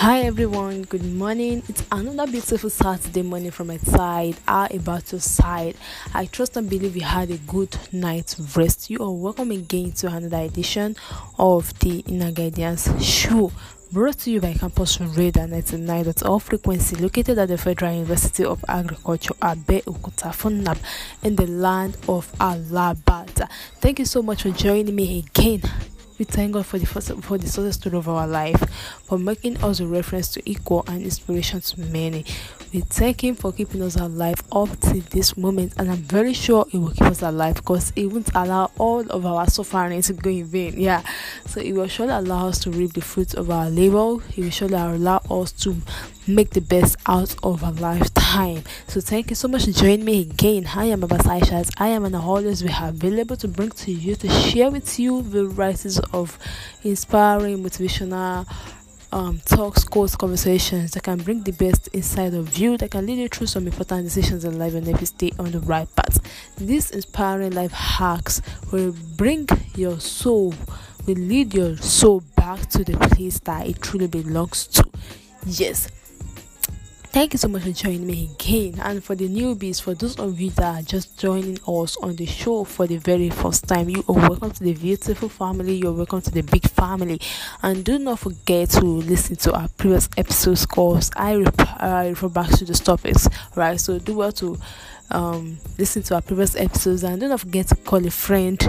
Hi everyone, good morning. It's another beautiful Saturday morning from my side. How about your side? I trust and believe you had a good night's rest. You are welcome again to another edition of the Inner Guidance Show brought to you by Campus Radar 99.0 frequency located at the Federal University of Agriculture Abeokuta Funab, in the land of Alabata. Thank you so much for joining me again we thank God for the for the success story of our life, for making us a reference to equal and inspiration to many. We thank Him for keeping us alive up to this moment, and I'm very sure He will keep us alive because He won't allow all of our suffering to go in vain. Yeah, so He will surely allow us to reap the fruits of our labor, He will surely allow us to make the best out of our lifetime. So thank you so much for joining me again. I am Abbas Aishas. I am an always we are available to bring to you to share with you the varieties of inspiring, motivational um, talks, quotes, conversations that can bring the best inside of you, that can lead you through some important decisions in life and help you stay on the right path. These inspiring life hacks will bring your soul, will lead your soul back to the place that it truly belongs to. Yes, Thank you so much for joining me again. And for the newbies, for those of you that are just joining us on the show for the very first time, you are welcome to the beautiful family. You're welcome to the big family. And do not forget to listen to our previous episodes because I, rep- I refer back to the topics, right? So do well to um, listen to our previous episodes and do not forget to call a friend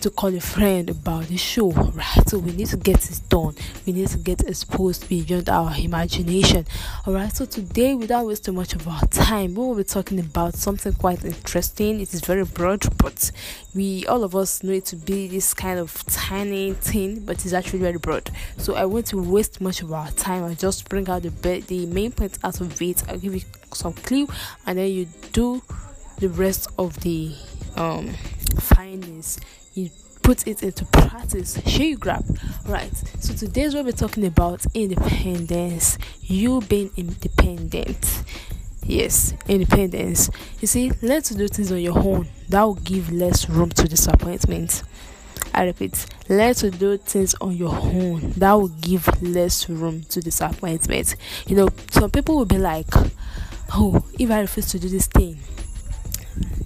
to call a friend about the show, right? So we need to get this done. We need to get exposed beyond our imagination. Alright, so today, without wasting much of our time, we will be talking about something quite interesting. It is very broad, but we all of us know it to be this kind of tiny thing, but it's actually very broad. So I won't waste much of our time. I'll just bring out the be- the main points out of it. I'll give you some clue and then you do the rest of the um findings you put it into practice sure you grab right so today's what we're talking about independence you being independent yes independence you see learn to do things on your own that will give less room to disappointment I repeat, learn to do things on your own. That will give less room to disappointment. You know, some people will be like, Oh, if I refuse to do this thing,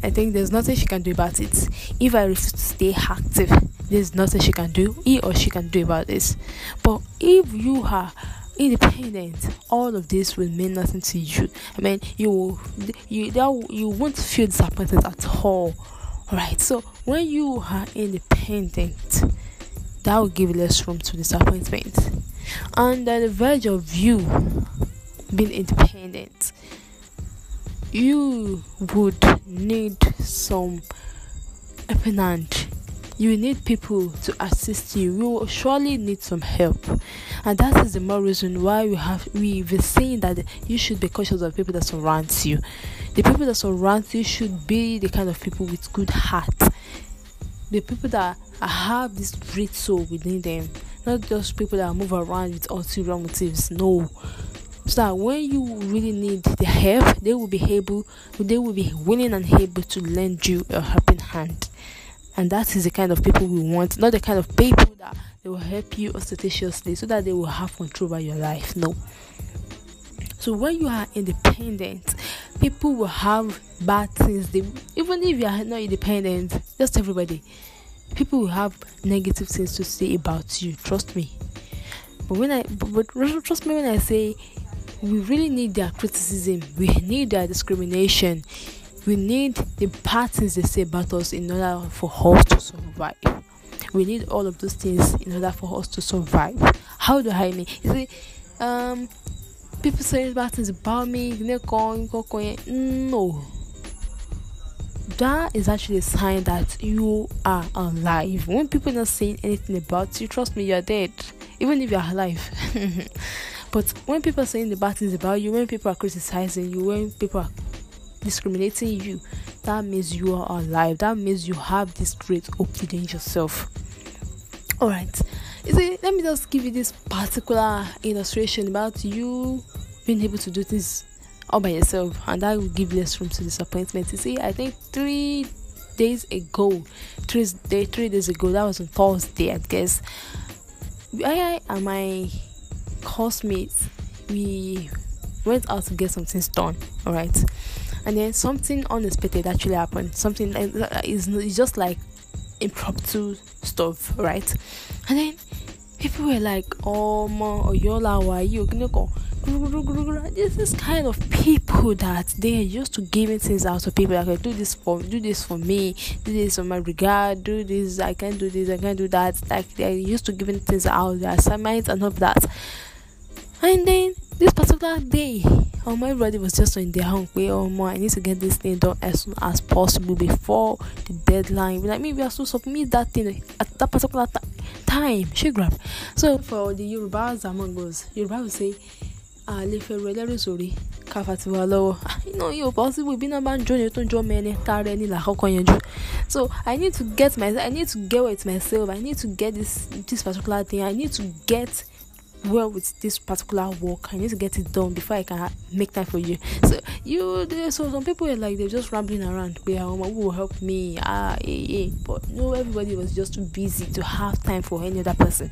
I think there's nothing she can do about it. If I refuse to stay active, there's nothing she can do, he or she can do about this. But if you are independent, all of this will mean nothing to you. I mean, you will, you that you won't feel disappointed at all. Right. So when you are independent, that will give less room to disappointment. And at the verge of you being independent, you would need some appendage you need people to assist you. You will surely need some help, and that is the more reason why we have we've seen saying that you should be cautious of people that surround you. The people that surround you should be the kind of people with good heart, the people that have this great soul within them, not just people that move around with ulterior motives. No, so that when you really need the help they will be able they will be willing and able to lend you a helping hand and that is the kind of people we want not the kind of people that they will help you ostentatiously so that they will have control over your life no so when you are independent people will have bad things they even if you are not independent just everybody people will have negative things to say about you trust me but when i but, but trust me when i say we really need their criticism, we need their discrimination, we need the bad things they say about us in order for us to survive. We need all of those things in order for us to survive. How do I mean? You see, um, people say bad things about me, no. That is actually a sign that you are alive. When people are not saying anything about you, trust me, you're dead. Even if you're alive. But when people are saying the bad things about you, when people are criticizing you, when people are discriminating you, that means you are alive. That means you have this great hope within yourself. All right. You see, let me just give you this particular illustration about you being able to do things all by yourself, and that will give less room to disappointment. You see, I think three days ago, three, day, three days ago, that was on Thursday, I guess. I and my housemates, we went out to get some things done, all right? And then something unexpected actually happened. Something is it's just like impromptu stuff, right? And then people were like, "Oh, ma, yola, why you?" This is kind of people that they are used to giving things out to people. Like, do this for, do this for me, do this for my regard, do this. I can not do this, I can not do that. Like they are used to giving things out, their assignments and all that. and then this particular day um, everybody was just on their own way um, i need to get this thing done as soon as possible before the deadline but like me, we i still submit that thing at that particular time she grab so for the yorubas among us yoruba will say àlefẹ̀rù ah, ẹlẹ́rìí sórí káfa ti wà you iná yóò possible bí náà bá ń jó ni tó ń jó mẹ́ni la ẹni làkọ́kọ́ yanjú so i need to get myself i need to get with myself i need to get this this particular thing i need to get well with this particular work. I need to get it done before I can make time for you. So you, so some people are like they're just rambling around. are, oh, who will help me? Ah, yeah, eh. But no, everybody was just too busy to have time for any other person.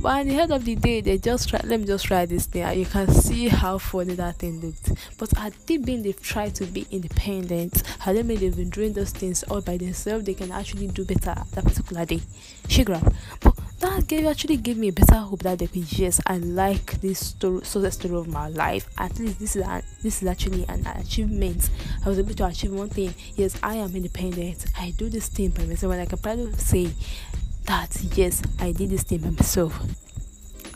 But at the end of the day, they just try. Let me just try this thing. You can see how funny that thing looked. But at they been, they've tried to be independent. How they been, they've been doing those things all by themselves. They can actually do better that particular day. She grabbed. But that gave actually gave me a better hope that they could yes I like this story so the story of my life at least this is an, this is actually an achievement I was able to achieve one thing yes I am independent I do this thing by myself and I can proudly say that yes I did this thing by myself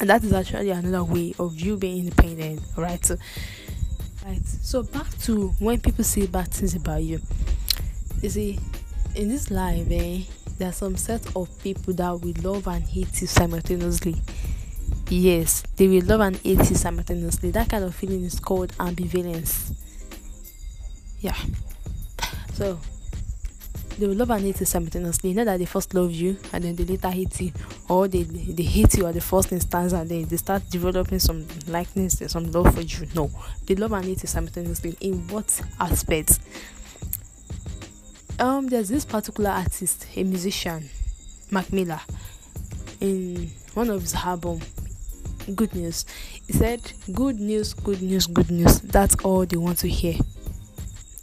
and that is actually another way of you being independent right so, right so back to when people say bad things about you you see in this life, eh, there are some set of people that will love and hate you simultaneously. Yes, they will love and hate you simultaneously. That kind of feeling is called ambivalence. Yeah. So they will love and hate you simultaneously. Not that they first love you and then they later hate you, or they they hate you at the first instance and then they start developing some likeness and some love for you. No, they love and hate you simultaneously. In what aspects? um there's this particular artist, a musician, Mac Miller, in one of his album, Good News. He said, "Good news, good news, good news. That's all they want to hear."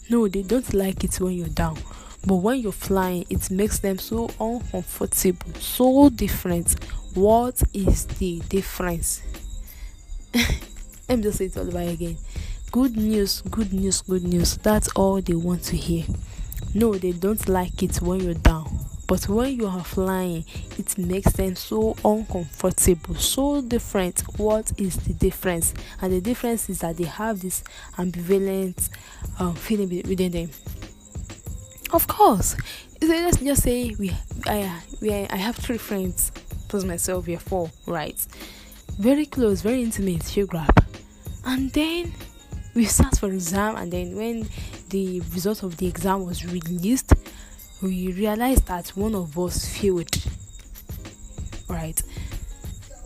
No, they don't like it when you're down. But when you're flying, it makes them so uncomfortable, so different. What is the difference? Let me just say it all over again. Good news, good news, good news. That's all they want to hear. No, they don't like it when you're down. But when you are flying, it makes them so uncomfortable, so different. What is the difference? And the difference is that they have this ambivalent um, feeling within them. Of course, let's just say we, I, we, I have three friends plus myself. We are four, right? Very close, very intimate. You grab, and then we start for exam, and then when the result of the exam was released, we realized that one of us failed. Right?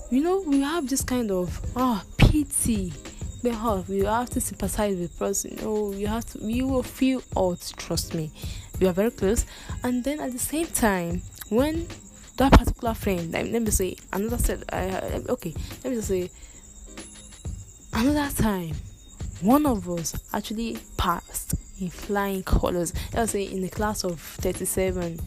You know, we have this kind of ah oh, pity. We have, we have to sympathize with person. Oh, you have to. We will feel out. Trust me, we are very close. And then at the same time, when that particular friend let me say another said okay let me just say another time one of us actually pa- in flying colors. I'll say in the class of 37,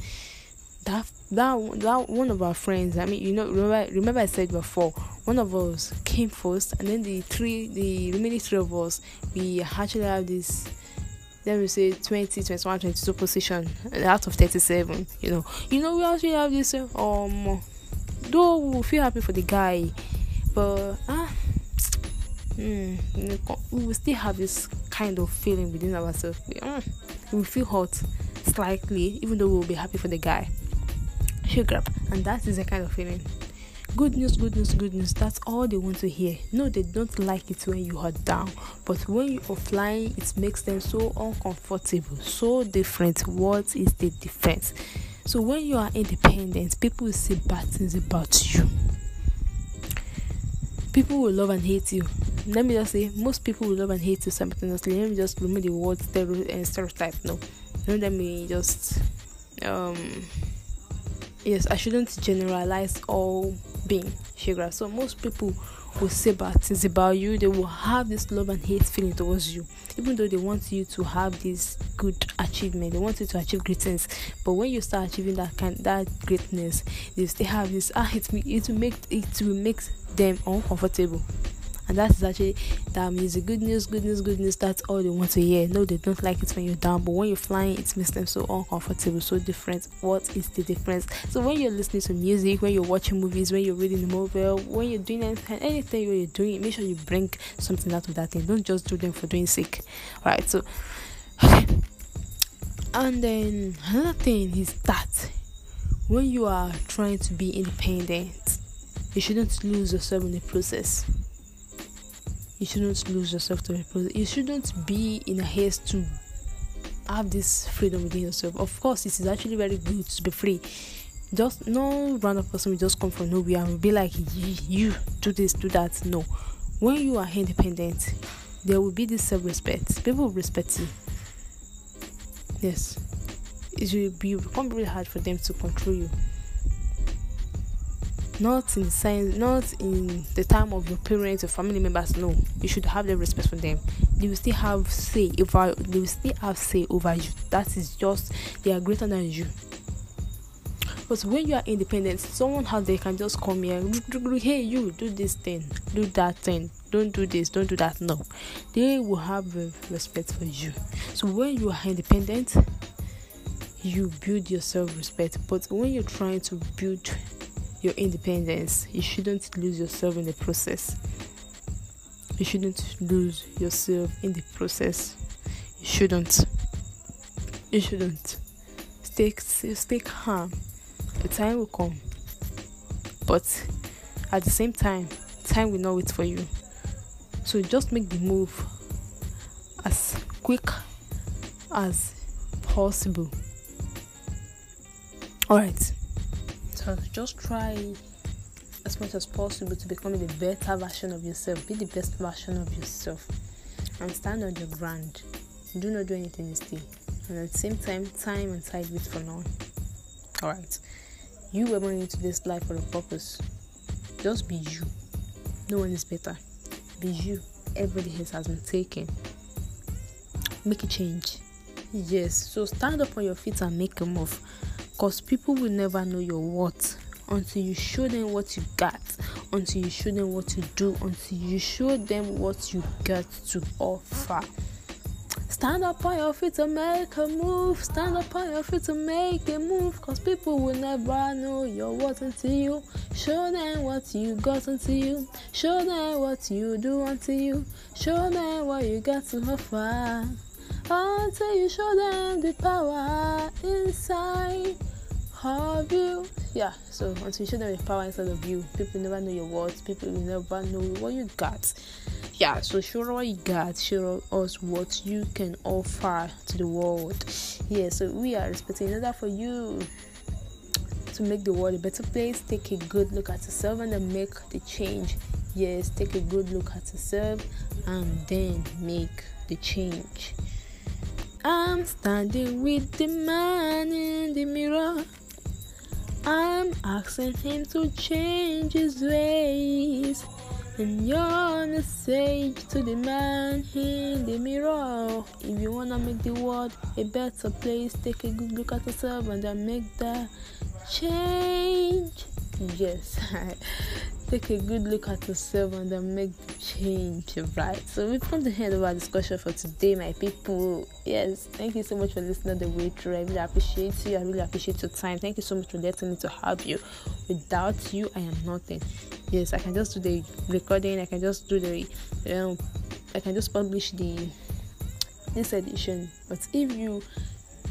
that that that one of our friends. I mean, you know, remember remember I said before, one of us came first, and then the three, the remaining three of us, we actually have this. Let me say 20, 21, 22 position out of 37. You know, you know, we actually have this. Um, though we feel happy for the guy, but ah, uh, mm, we will still have this kind of feeling within ourselves. We, mm, we feel hot slightly, even though we'll be happy for the guy. Shake up, and that is the kind of feeling. Good news, good news, good news. That's all they want to hear. No, they don't like it when you are down, but when you are flying, it makes them so uncomfortable, so different. What is the difference? So when you are independent, people will say bad things about you. People will love and hate you let me just say most people will love and hate you simultaneously let me just remove the word eh, stereotype no let me just um yes i shouldn't generalize all being sugar so most people will say bad things about you they will have this love and hate feeling towards you even though they want you to have this good achievement they want you to achieve great things but when you start achieving that kind that greatness they still have this ah it, it will make it will make them uncomfortable and that's actually that music. Good news, good news, good news. That's all they want to hear. No, they don't like it when you're down, but when you're flying, it makes them so uncomfortable, so different. What is the difference? So when you're listening to music, when you're watching movies, when you're reading a novel, when you're doing anything, anything you're doing, make sure you bring something out of that thing. Don't just do them for doing sake. All right. So, and then another thing is that when you are trying to be independent, you shouldn't lose yourself in the process you shouldn't lose yourself to people. You shouldn't be in a haste to have this freedom within yourself. Of course, it is actually very good to be free. Just no random person will just come from nowhere and be like, you do this, do that. No. When you are independent, there will be this self respect. People will respect you. Yes. It will be, become really hard for them to control you not in science not in the time of your parents or family members no you should have the respect for them they will still have say over they will still have say over you that is just they are greater than you but when you are independent someone has they can just come here hey you do this thing do that thing don't do this don't do that no they will have respect for you so when you are independent you build yourself respect but when you're trying to build your independence. You shouldn't lose yourself in the process. You shouldn't lose yourself in the process. You shouldn't. You shouldn't. Stay, stay calm. The time will come. But at the same time, time will not wait for you. So just make the move as quick as possible. Alright just try as much as possible to become the better version of yourself. Be the best version of yourself and stand on your ground. Do not do anything stay. And at the same time, time and tide with for now. Alright. You were born into this life for a purpose. Just be you. No one is better. Be you. Everybody else has been taken. Make a change. Yes. So stand up on your feet and make a move. Because people will never know your worth until you show them what you got, until you show them what you do, until you show them what you got to offer. Stand up on your feet and make a move. Stand up on your feet and make a move. Cause people will never know your worth until you show them what you got until you show them what you do until you show them what you got to offer. Until you show them the power inside have you. Yeah, so until you show them the power inside of you, people never know your worth, people will never know what you got. Yeah, so show what you got, show us what you can offer to the world. Yeah, so we are respecting another for you to make the world a better place. Take a good look at yourself and then make the change. Yes, take a good look at yourself and then make the change. I'm standing with the man in the mirror. I'm asking him to change his ways. And you're the sage to the man in the mirror. If you wanna make the world a better place, take a good look at yourself and then make that change. Yes. take a good look at yourself and then make change, right? So we've come to the end of our discussion for today, my people. Yes, thank you so much for listening to the way through. I really appreciate you. I really appreciate your time. Thank you so much for letting me to have you. Without you, I am nothing. Yes, I can just do the recording. I can just do the, um, I can just publish the this edition. But if you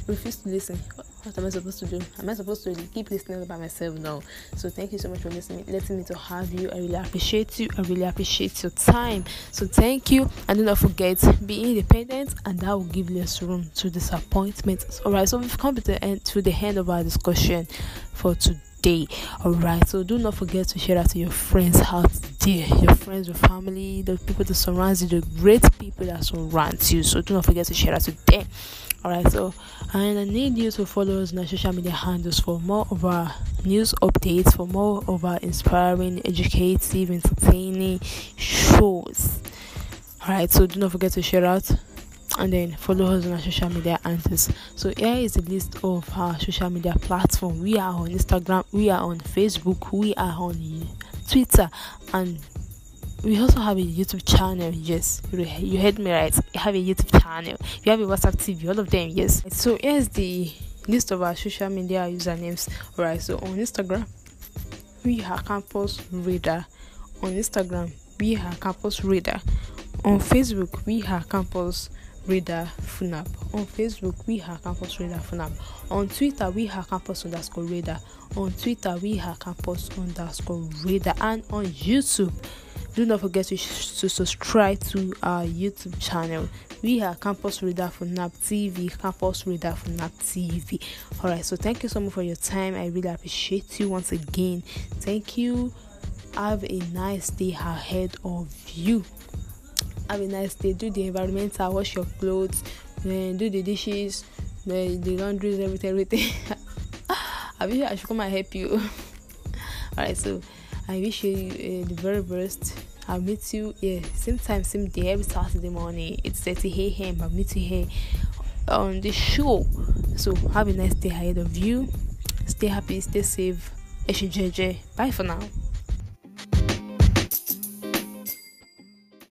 refuse to listen, what am I supposed to do? Am I supposed to keep listening by myself now? So thank you so much for listening, letting me to have you. I really appreciate you. I really appreciate your time. So thank you, and do not forget be independent, and that will give less room to disappointment. All right. So we've come to the end to the end of our discussion for today. Alright, so do not forget to share that to your friends out there, your friends, your family, the people that surround you, the great people that surround you. So do not forget to share that to them. Alright, so and I need you to follow us on our social media handles for more of our news updates, for more of our inspiring, educative, entertaining shows. Alright, so do not forget to share out and then follow us on our social media handles. So here is a list of our social media platform. We are on Instagram, we are on Facebook, we are on Twitter, and we also have a YouTube channel. Yes, you heard me right. You have a YouTube channel. You have a WhatsApp TV. All of them. Yes. So here's the list of our social media usernames. Right. So on Instagram, we are Campus Reader. On Instagram, we are Campus Reader. On Facebook, we are Campus Reader Funab. On Facebook, we are Campus Reader Funab. On Twitter, we are Campus underscore Reader. On Twitter, we are Campus underscore Reader. And on YouTube. Do not forget to, sh- to subscribe to our YouTube channel. We are Campus Reader for NAP TV. Campus Reader for NAP TV. All right, so thank you so much for your time. I really appreciate you once again. Thank you. Have a nice day ahead of you. Have a nice day. Do the environmental, wash your clothes, eh, do the dishes, eh, the laundry, everything, everything. I wish I should come and help you. Alright, so I wish you uh, the very best I'll meet you yeah, same time, same day, every Saturday morning. It's 30 a.m. I'll meet you here on the show. So have a nice day ahead of you. Stay happy, stay safe. Bye for now.